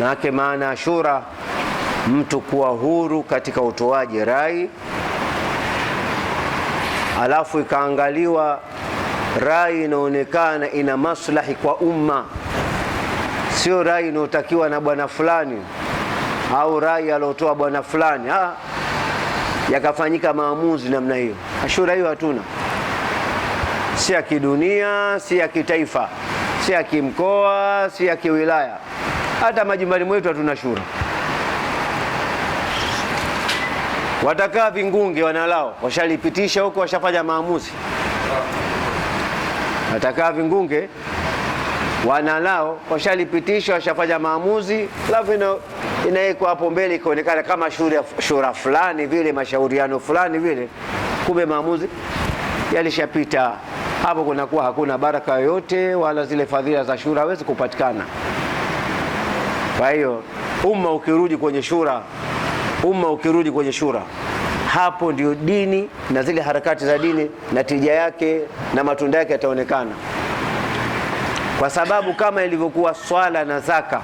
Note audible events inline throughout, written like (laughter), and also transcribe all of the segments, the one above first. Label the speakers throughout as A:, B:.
A: Maanake maana ashura shura, mtu kuwa huru katika utoaji rai, alafu ikaangaliwa rai inaonekana ina maslahi kwa umma, sio rai inayotakiwa na bwana fulani au rai aliotoa bwana fulani, ah, yakafanyika maamuzi namna hiyo. Ashura hiyo hatuna, si ya kidunia, si ya kitaifa, si ya kimkoa, si ya kiwilaya. Hata majumbani mwetu hatuna shura. Watakaa Vingunge wanalao, washalipitisha huko, washafanya maamuzi. Watakaa Vingunge wanalao, washalipitisha, washafanya maamuzi, alafu inawekwa hapo mbele, ikaonekana kama shura, shura fulani vile, mashauriano fulani vile, kumbe maamuzi yalishapita hapo. Kunakuwa hakuna baraka yoyote, wala zile fadhila za shura hawezi kupatikana. Kwa hiyo umma ukirudi kwenye shura, umma ukirudi kwenye shura, hapo ndio dini na zile harakati za dini na tija yake na matunda yake yataonekana, kwa sababu kama ilivyokuwa swala na zaka,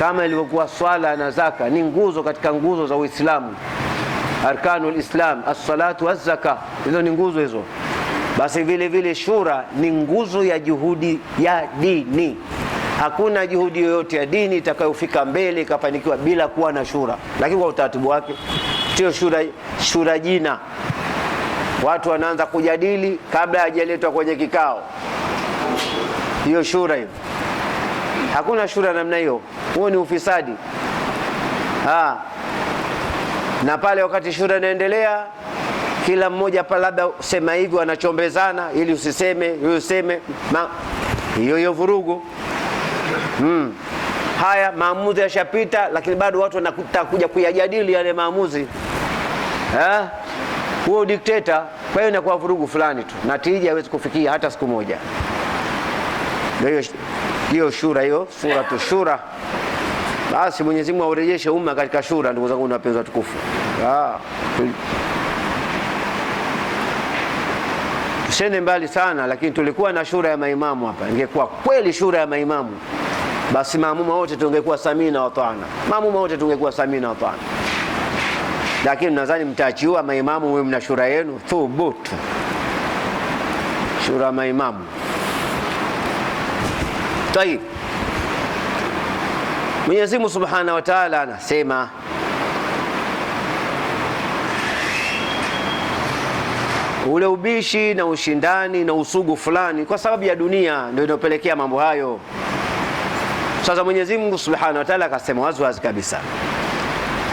A: kama ilivyokuwa swala na zaka ni nguzo katika nguzo za Uislamu, arkanul Islam, as-salatu waz-zaka, hizo ni nguzo hizo. Basi vile vile shura ni nguzo ya juhudi ya dini. Hakuna juhudi yoyote ya dini itakayofika mbele ikafanikiwa bila kuwa na shura, lakini kwa utaratibu wake, sio shura, shura jina. Watu wanaanza kujadili kabla hajaletwa kwenye kikao, hiyo shura hiyo. Hakuna shura namna hiyo, huo ni ufisadi ha. Na pale wakati shura inaendelea kila mmoja pa labda sema hivyo, anachombezana ili usiseme, useme hiyo hiyo vurugu mm. Haya maamuzi yashapita, lakini bado watu wanakuta kuja kuyajadili yale maamuzi ha? Huo dikteta. Kwa hiyo inakuwa vurugu fulani tu, natija hawezi kufikia hata siku moja. Ndio hiyo shura, hiyo tu shura. Basi Mwenyezi Mungu aurejeshe umma katika shura, ndugu zangu na wapenzi watukufu, tusende mbali sana, lakini tulikuwa na shura ya maimamu hapa. Ingekuwa kweli shura ya maimamu basi maamuma wote tungekuwa samina watana, maamuma wote tungekuwa samina watana. Lakini nadhani mtachiua maimamu mwe mna shura yenu thubutu, shura maimamu tayib. Mwenyezi Mungu Subhanahu wa Ta'ala anasema ule ubishi na ushindani na usugu fulani kwa sababu ya dunia ndio inayopelekea mambo hayo. Sasa Mwenyezi Mungu Subhanahu wa Ta'ala akasema waziwazi kabisa,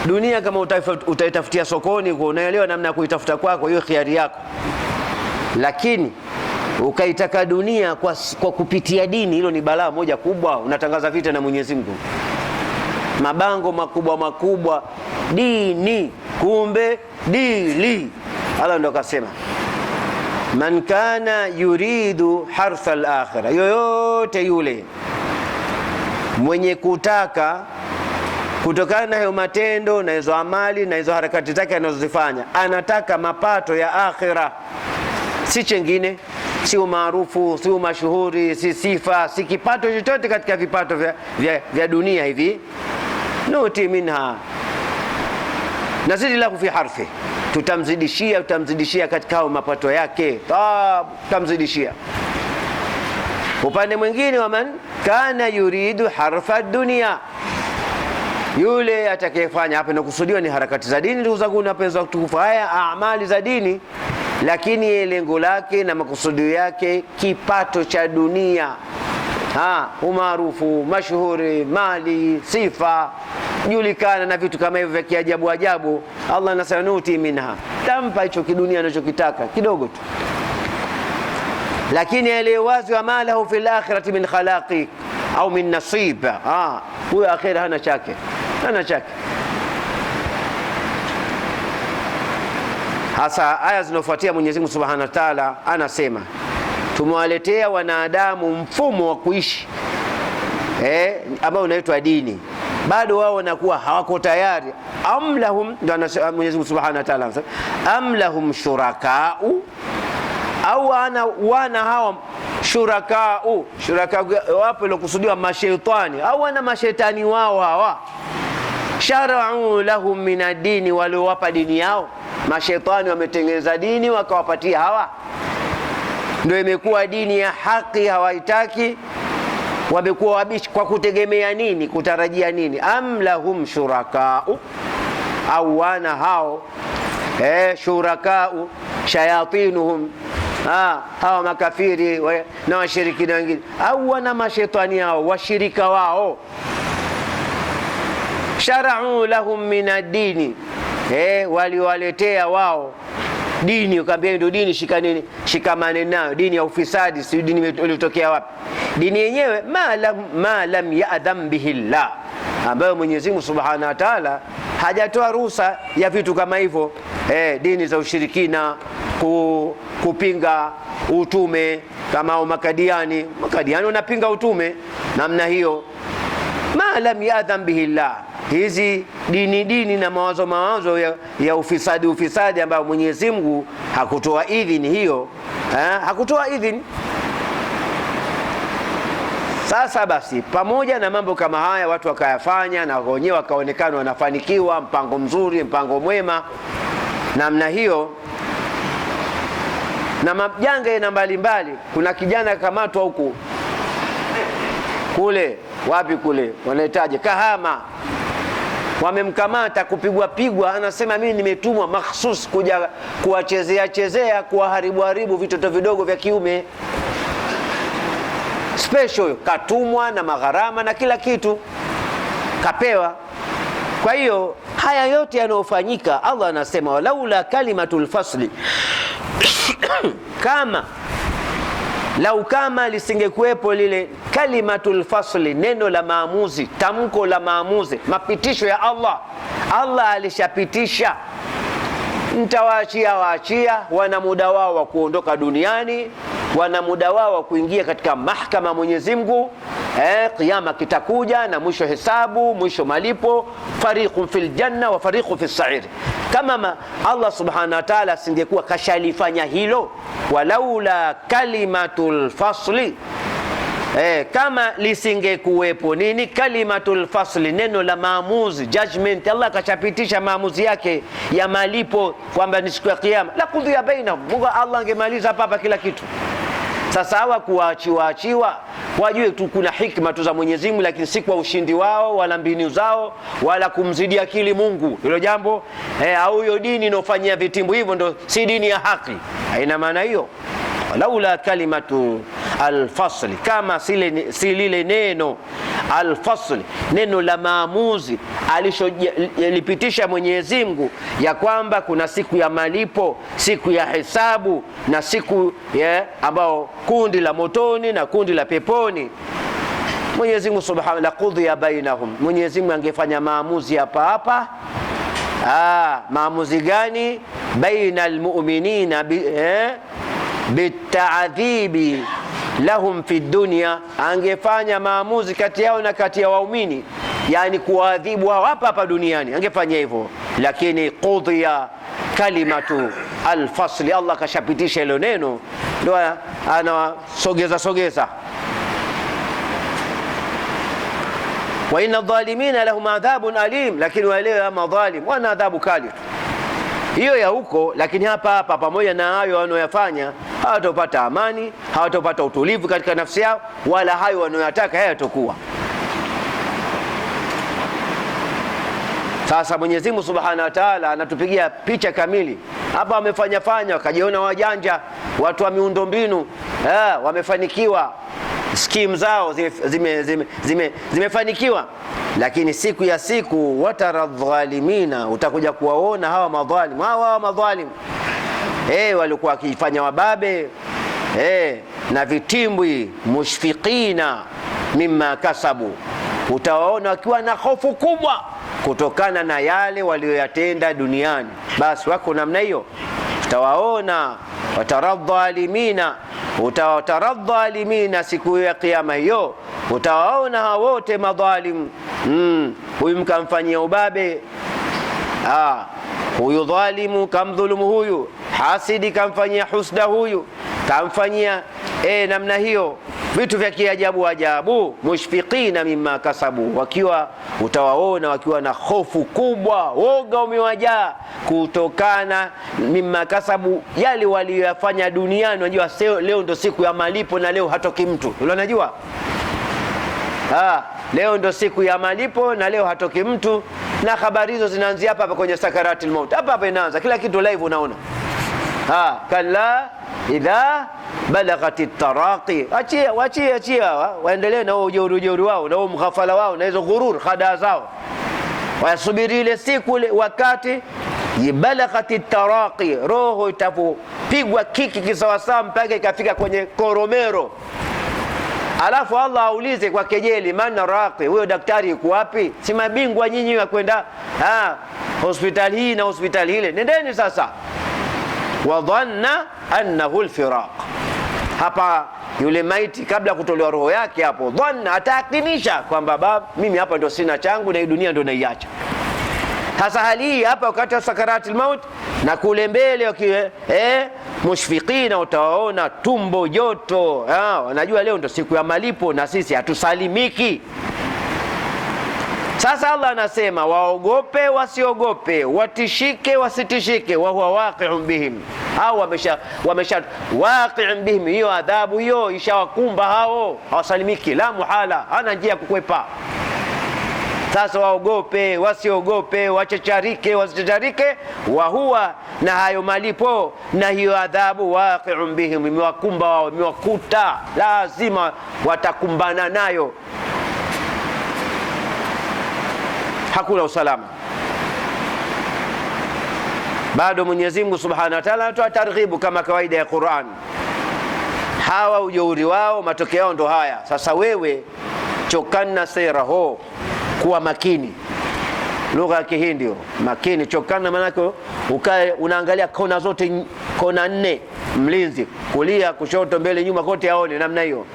A: dunia kama utaitafutia sokoni, unaelewa namna ya kuitafuta kwako, hiyo khiari yako, lakini ukaitaka dunia kwa, kwa kupitia dini, hilo ni balaa moja kubwa. Unatangaza vita na Mwenyezi Mungu, mabango makubwa makubwa, dini, kumbe dili. Allah ndo akasema man kana yuridu hartha al-akhirah, yoyote yule mwenye kutaka kutokana na hayo matendo na hizo amali na hizo harakati zake anazozifanya, anataka mapato ya akhira, si chengine, si umaarufu, si umashuhuri, si sifa, si kipato chochote katika vipato vya, vya, vya dunia hivi. Nuti minha nazidi lahu fi harfi, tutamzidishia, tutamzidishia katika hayo mapato yake, tutamzidishia upande mwingine man kana yuridu harfa dunia, yule atakayefanya hapa. Inakusudiwa ni harakati za dini, ndugu zangu, napenza kutukufu, haya amali za dini, lakini ye lengo lake na makusudio yake kipato cha dunia, ha umaarufu, mashuhuri, mali, sifa, julikana na vitu kama hivyo vya kiajabu ajabu. Allah anasema nuti minha, tampa hicho kidunia anachokitaka kidogo tu lakini aliye wazi wa malahu fi lakhirati min khalaqi au min nasib, huyo akhira hana chake, hana chake. Hasa aya zinaofuatia Mwenyezi Mungu Subhanahu wa Ta'ala anasema tumewaletea wanadamu mfumo wa kuishi eh, ambao unaitwa dini, bado wao wanakuwa hawako tayari. Amlahum, ndo Mwenyezi Mungu Subhanahu wa Ta'ala amlahum shurakau au wana, wana hawa shurakau shuraka wapo ilokusudiwa mashaitani au wana mashaitani wao hawa sharau lahum min adini, waliowapa dini yao mashaitani wametengeneza dini wakawapatia hawa, ndio imekuwa dini ya haki, hawaitaki wamekuwa wabishi. Kwa kutegemea nini? Kutarajia nini? am lahum shurakau, au wana hao eh, shurakau shayatinuhum ha, ah, hawa makafiri wa, na washirikina wengine au wana mashetani yao washirika wao sharau lahum min adini eh, waliwaletea wao dini, ukaambia ndio dini, shikaneni, shikamaneni nayo dini ya ufisadi. Si dini ilitokea wapi? Dini yenyewe ma lam, ma lam yadham bihi llah, ambayo Mwenyezi Mungu Subhanahu wa Ta'ala hajatoa ruhusa ya vitu kama hivyo eh, dini za ushirikina ku, kupinga utume kama makadiani. Makadiani wanapinga utume namna hiyo, ma lam yadham bihi llah hizi dini dini na mawazo mawazo ya, ya ufisadi ufisadi ambayo Mwenyezi Mungu hakutoa idhini hiyo ha? hakutoa idhini. Sasa basi, pamoja na mambo kama haya watu wakayafanya na wenyewe wakaonekana wanafanikiwa, mpango mzuri, mpango mwema namna hiyo, na majanga yana mbalimbali. Kuna kijana kamatwa huku kule, wapi kule wanahitaji Kahama, wamemkamata kupigwa pigwa, anasema mimi nimetumwa makhsus kuja kuwachezea chezea kuwaharibu haribu vitoto vidogo vya kiume special, katumwa na magharama na kila kitu kapewa. Kwa hiyo haya yote yanayofanyika, Allah anasema walaula kalimatul fasli (coughs) kama lau kama lisingekuwepo lile kalimatul fasli, neno la maamuzi, tamko la maamuzi, mapitisho ya Allah. Allah alishapitisha, ntawaachia waachia, wana muda wao wa kuondoka duniani, wana muda wao wa kuingia katika mahkama Mwenyezi Mungu. Eh, kiyama kitakuja na mwisho hesabu, mwisho malipo, fariqu fil janna wa fariqu fis sa'ir. Kama ma Allah subhanahu wa ta'ala asingekuwa kashalifanya hilo, walaula kalimatul fasli Eh, kama lisingekuwepo nini, kalimatul fasli, neno la maamuzi judgment. Allah akachapitisha maamuzi yake ya malipo kwamba ni siku ya kiyama, la kudhia baina, Mungu Allah angemaliza hapa hapa kila kitu. Sasa hawa kuwaachiwa wajue tu kuna hikma tu za Mwenyezi Mungu, lakini si kwa ushindi wao wala mbinu zao wala kumzidia akili Mungu hilo jambo eh, au hiyo dini inaofanyia vitimbu hivyo ndo si dini ya haki, haina maana hiyo laula kalimatu alfasli, kama si lile neno alfasli, neno la maamuzi alisholipitisha Mwenyezi Mungu ya kwamba kuna siku ya malipo, siku ya hesabu na siku yeah, ambao kundi la motoni na kundi la peponi. Mwenyezi Mungu subhanahu la qudhiya bainahum, Mwenyezi Mungu angefanya maamuzi hapa hapa. Ah, maamuzi gani? baina almu'minina eh, bitaadhibi lahum fi dunya, angefanya maamuzi kati yao na kati ya waumini, yani kuwaadhibu hao hapa hapa duniani, angefanya hivyo. Lakini qudhiya kalimatu alfasli, Allah kashapitisha hilo neno, ndio anawasogeza sogeza. Wa inna dhalimina lahum adhabun alim, lakini waelewe ama dhalim wana adhabu kali tu hiyo ya huko, lakini hapa hapa pamoja na hayo wanaoyafanya hawatopata amani, hawatopata utulivu katika nafsi yao, wala hayo wanayoyataka hayatokuwa. Sasa Mwenyezi Mungu Subhanahu wa Ta'ala anatupigia picha kamili hapa. Wamefanya fanya wakajiona wajanja, watu wa miundombinu eh, wamefanikiwa, skimu zao zimefanikiwa zime, zime, zime, zime, lakini siku ya siku watara dhalimina, utakuja kuwaona hawa madhalimu hawa madhalimu eh, walikuwa wakifanya wababe eh, na vitimbwi, mushfiqina mimma kasabu, utawaona wakiwa na hofu kubwa kutokana na yale walioyatenda duniani. Basi wako namna hiyo, utawaona watarahalimina utawataradhalimina siku ya kiyama hiyo, utawaona hao wote madhalimu. Hmm, huyu mkamfanyia ubabe ah huyu dhalimu kamdhulumu huyu, hasidi kamfanyia husda huyu, kamfanyia e, namna hiyo, vitu vya kiajabu ajabu. Mushfiqina mimma kasabu, wakiwa utawaona wakiwa na hofu kubwa, woga umewajaa kutokana mimma kasabu, yale waliyoyafanya duniani. Unajua leo ndo siku ya malipo, na leo hatoki mtu, unajua Ah, leo ndo siku ya malipo na leo hatoki mtu na habari hizo zinaanzia hapa hapa kwenye sakaratil maut, hapa hapa inaanza kila kitu live, unaona ha kala idha balagati taraqi. Achia, wachie, achie hawa waendelee na ujeuri ujeuri wao na mghafala wao na hizo ghurur hadaa zao, wasubiri ile siku ile wakati balagati taraqi, roho itapopigwa kiki kisawasawa mpaka ikafika kwenye koromero alafu Allah aulize kwa kejeli, man raqi, huyo daktari yuko wapi? Si mabingwa nyinyi wa kwenda hospitali hii na hospitali ile. Nendeni sasa. Wa dhanna annahu alfiraq. Hapa yule maiti kabla ya kutolewa roho yake, hapo dhanna ataakinisha kwamba baba, mimi hapa ndio sina changu na hii dunia ndio naiacha. Hasa hali hii hapa wakati wa sakaratil maut na kule mbele wakiwe eh, mushfikina utawaona tumbo joto. Wanajua leo ndo siku ya malipo na sisi hatusalimiki. Sasa Allah anasema waogope wasiogope, watishike wasitishike, wahuwa waqi'un bihim, au wamesha wamesha waqi'un bihim, hiyo adhabu hiyo ishawakumba hao, hawasalimiki la muhala, hana njia ya kukwepa. Sasa waogope, wasiogope, wachacharike, wasichacharike wahuwa na hayo malipo na hiyo adhabu waqi'un bihim, imewakumba wao, imewakuta lazima watakumbana nayo, hakuna usalama. Bado Mwenyezi Mungu Subhanahu wa Ta'ala anatoa targhibu kama kawaida ya Qur'an. Hawa ujeuri wao, matokeo yao ndo haya. Sasa wewe chokana sera ho kuwa makini, lugha ya Kihindi makini chokana, maanake ukae unaangalia kona zote, kona nne, mlinzi kulia, kushoto, mbele, nyuma, kote aone namna hiyo.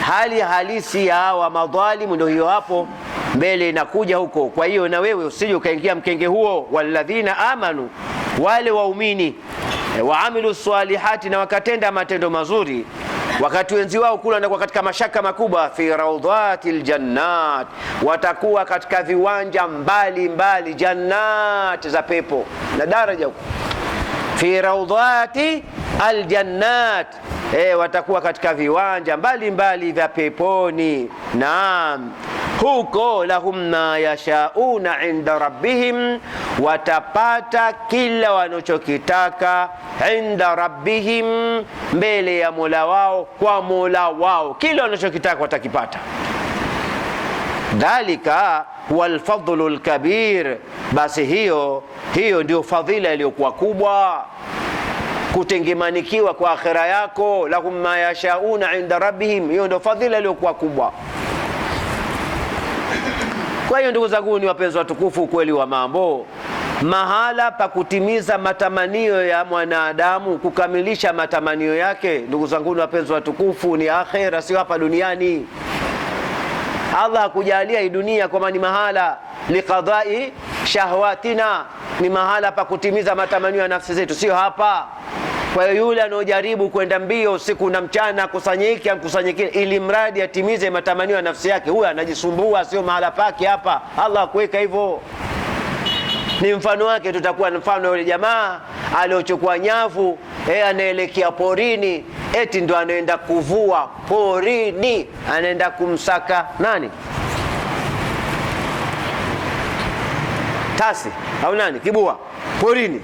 A: Hali halisi ya hawa madhalimu ndio hiyo hapo mbele inakuja huko. Kwa hiyo na wewe usije ukaingia mkenge huo, walladhina amanu, wale waumini, e, waamilu salihati, na wakatenda matendo mazuri wakati wenzi wao kula wanakuwa katika mashaka makubwa. fi raudhati ljannat watakuwa katika viwanja mbali mbali, jannat za pepo na daraja huko. fi raudhati aljannat E, watakuwa katika viwanja mbali mbali vya peponi. Naam, huko lahum ma yashauna inda rabbihim, watapata kila wanachokitaka inda rabbihim, mbele ya mola wao, kwa mola wao, kila wanachokitaka watakipata. Dhalika huwa lfadlu lkabir, basi hiyo hiyo ndio fadhila iliyokuwa kubwa, kutengemanikiwa kwa akhira yako. Lahum ma yashauna inda rabbihim, hiyo ndio fadhila iliyokuwa kubwa. Kwa hiyo ndugu zangu, ni wapenzi watukufu, ukweli wa mambo, mahala pa kutimiza matamanio ya mwanadamu, kukamilisha matamanio yake, ndugu zangu, ni wapenzi watukufu, ni akhera, sio hapa duniani. Allah hakujalia hii dunia kwamba ni mahala liqadai shahwatina, ni mahala pa kutimiza matamanio ya nafsi zetu, sio hapa. Kwa hiyo yule anaojaribu kwenda mbio usiku na mchana, akusanyike amkusanyike, ili mradi atimize matamanio ya nafsi yake, huyo anajisumbua, sio mahala pake hapa. Allah akuweka hivyo ni mfano wake, tutakuwa mfano yule jamaa aliochukua nyavu e, anaelekea porini, eti ndo anaenda kuvua porini, anaenda kumsaka nani tasi au nani kibua porini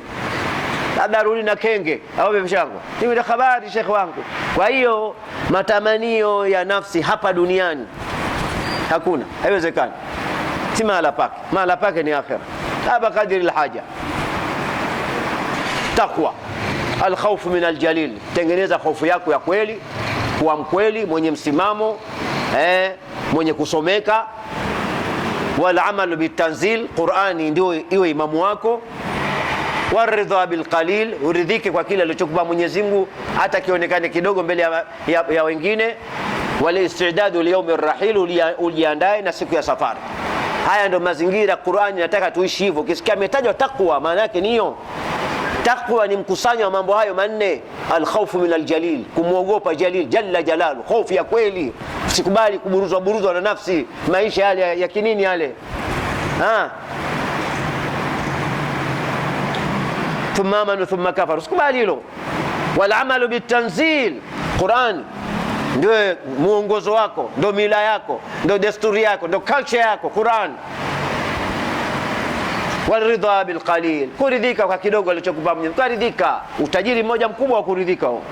A: labda na kenge au vishangwa. Hivi na habari shekhe wangu. Kwa hiyo matamanio ya nafsi hapa duniani hakuna, haiwezekani. Si mahala pake, mahala pake ni akhira. Hapa kadri alhaja, taqwa, alkhawfu min aljalil, tengeneza hofu yako ya kweli, kuwa mkweli, mwenye msimamo eh, mwenye kusomeka. Wal amalu bitanzil, Qurani ndio iwe imamu wako waridha bil qalil, uridhike kwa kile alichokupa Mwenyezi Mungu hata kionekane kidogo mbele ya, ya, ya wengine. Walistidadu liyaumi rahil, ujiandae na siku ya safari. Haya ndio mazingira Qur'ani inataka tuishi hivyo. Ukisikia imetajwa takwa, maana yake niyo Takwa ni mkusanyo wa mambo hayo manne: alkhawfu min aljalil, kumwogopa Jalil jalla jalalu, hofu ya kweli, sikubali kuburuzwa buruzwa na nafsi, maisha yale ya kinini yale ha? thumma amanu thumma kafaru, sikubali hilo. Wal amalu bitanzil, Qurani ndio muongozo wako, ndio mila yako, ndio desturi yako, ndio culture yako, Quran. Qurani. bil qalil, kuridhika kwa kidogo alichokupa Mwenyezi Mungu, kuridhika. Utajiri mmoja mkubwa wa kuridhika huo.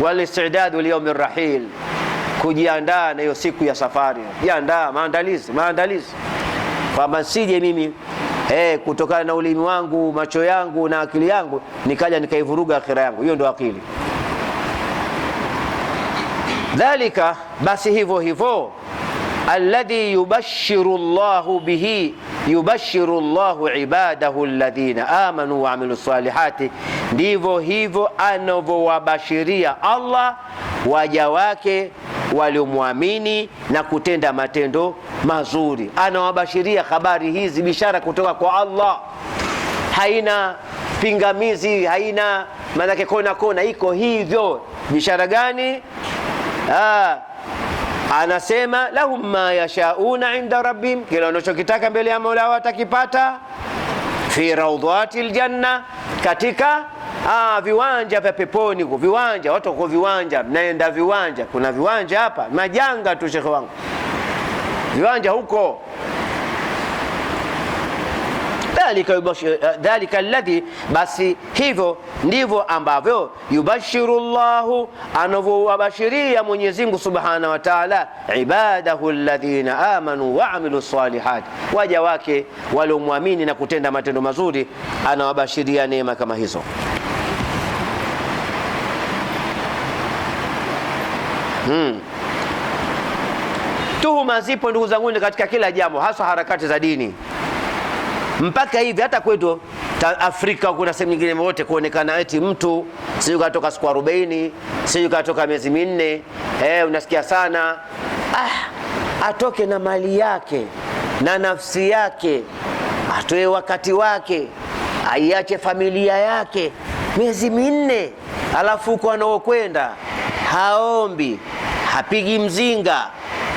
A: Wal istidad Walistidadu liyaumi rahil, kujiandaa na hiyo siku ya safari, jiandaa, maandalizi, maandalizi kwamba sije mimi eh, kutokana na ulimi wangu, macho yangu na akili yangu, nikaja nikaivuruga akhira yangu. Hiyo ndo akili. Dhalika, basi hivyo hivyo alladhi yubashiru llahu bihi yubashiru llahu ibadahu alladhina amanu wa amilu salihati, ndivyo hivyo anavyowabashiria Allah waja wake waliomwamini na kutenda matendo mazuri. Anawabashiria habari hizi, bishara kutoka kwa Allah, haina pingamizi, haina maanake kona kona, iko hivyo. Bishara gani? Aa, ah, anasema lahum ma yashauna inda rabbihim, kila wanachokitaka mbele ya Mola watakipata, fi raudhati ljanna, katika Ah, viwanja vya peponi huko, viwanja watu wako viwanja, mnaenda viwanja. Kuna viwanja hapa majanga tu, shekhe wangu, viwanja huko. Dhalika eh, alladhi, basi hivyo ndivyo ambavyo yubashiru llahu, anavyowabashiria Mwenyezi Mungu subhanahu wa taala, ibadahu alladhina amanu wa amilu salihat, waja wake waliomwamini na kutenda matendo mazuri, anawabashiria neema kama hizo. hmm. Tuhuma zipo ndugu zangu katika kila jambo, hasa harakati za dini. Mpaka hivi hata kwetu Afrika kuna sehemu nyingine wote kuonekana eti mtu siyo katoka siku 40 siyo katoka miezi minne, eh, unasikia sana ah, atoke na mali yake na nafsi yake, atoe wakati wake, aiache familia yake miezi minne, alafu huko anaokwenda haombi hapigi mzinga,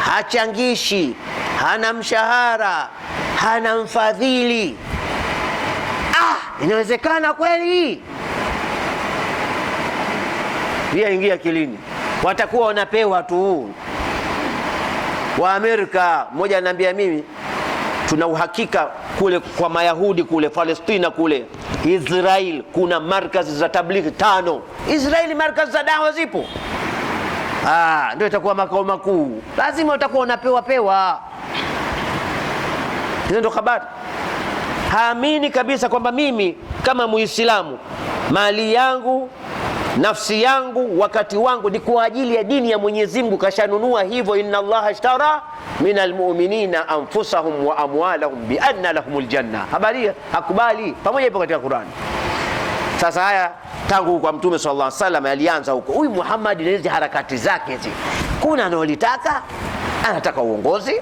A: hachangishi, hana mshahara, hana mfadhili. Ah, inawezekana kweli? Pia ingia kilini watakuwa wanapewa tu wa Amerika. Mmoja anaambia mimi tuna uhakika kule kwa Mayahudi kule Palestina kule Israel kuna markazi za tablighi tano. Israeli markazi za dawa zipo. Ah, ndio itakuwa makao makuu, lazima utakuwa unapewa pewa. Hizo ndio habari. Haamini kabisa kwamba mimi kama Muislamu mali yangu nafsi yangu wakati wangu ni kwa ajili ya dini ya Mwenyezi Mungu, kashanunua hivyo. Inna Allaha ashtara min almu'minina anfusahum wa amwalahum bi anna lahumul janna. Habari hakubali pamoja, ipo katika Qur'an. Sasa haya tangu kwa Mtume sallallahu alaihi wasallam alianza huko, huyu Muhammad lezi harakati zake hizi, kuna anaolitaka anataka uongozi,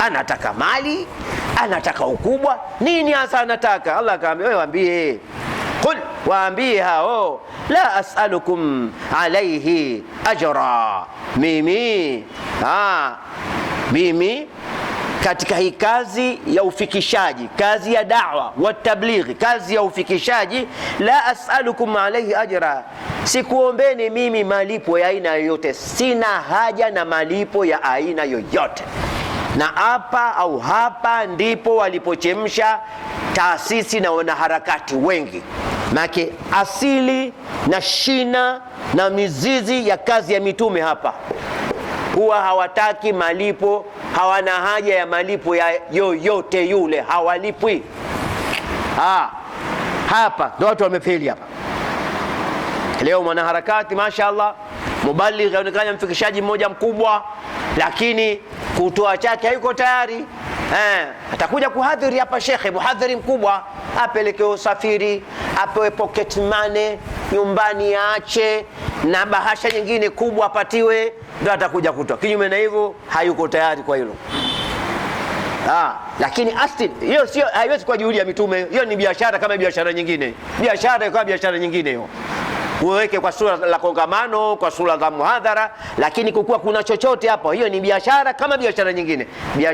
A: anataka mali, anataka ukubwa, nini hasa anataka? Allah akaambia wewe, waambie qul, waambie hao, la as'alukum alaihi ajra, mimi ah, mimi katika hii kazi ya ufikishaji, kazi ya da'wa wa tablighi, kazi ya ufikishaji. La as'alukum alayhi ajra, sikuombeni mimi malipo ya aina yoyote, sina haja na malipo ya aina yoyote. Na hapa au hapa ndipo walipochemsha taasisi na wanaharakati wengi, maake asili na shina na mizizi ya kazi ya mitume hapa huwa hawataki malipo, hawana haja ya malipo ya yoyote yule, hawalipwi. Ha, hapa ndo watu wamefeli hapa. Leo mwanaharakati mashaallah, mubaligh aonekana mfikishaji mmoja mkubwa, lakini kutoa chake hayuko tayari. eh. atakuja kuhadhiri hapa shekhe, muhadhiri mkubwa, apelekewe usafiri, apewe pocket money, nyumbani aache, na bahasha nyingine kubwa apatiwe ndio atakuja kutoa. Kinyume na hivyo hayuko tayari kwa hilo. Ah, lakini asti hiyo sio, haiwezi kuwa juhudi ya mitume. Hiyo ni biashara kama biashara nyingine, biashara kama biashara nyingine hiyo uweke kwa sura la kongamano, kwa sura la muhadhara, lakini kukuwa kuna chochote hapo, hiyo ni biashara kama biashara nyingine biashara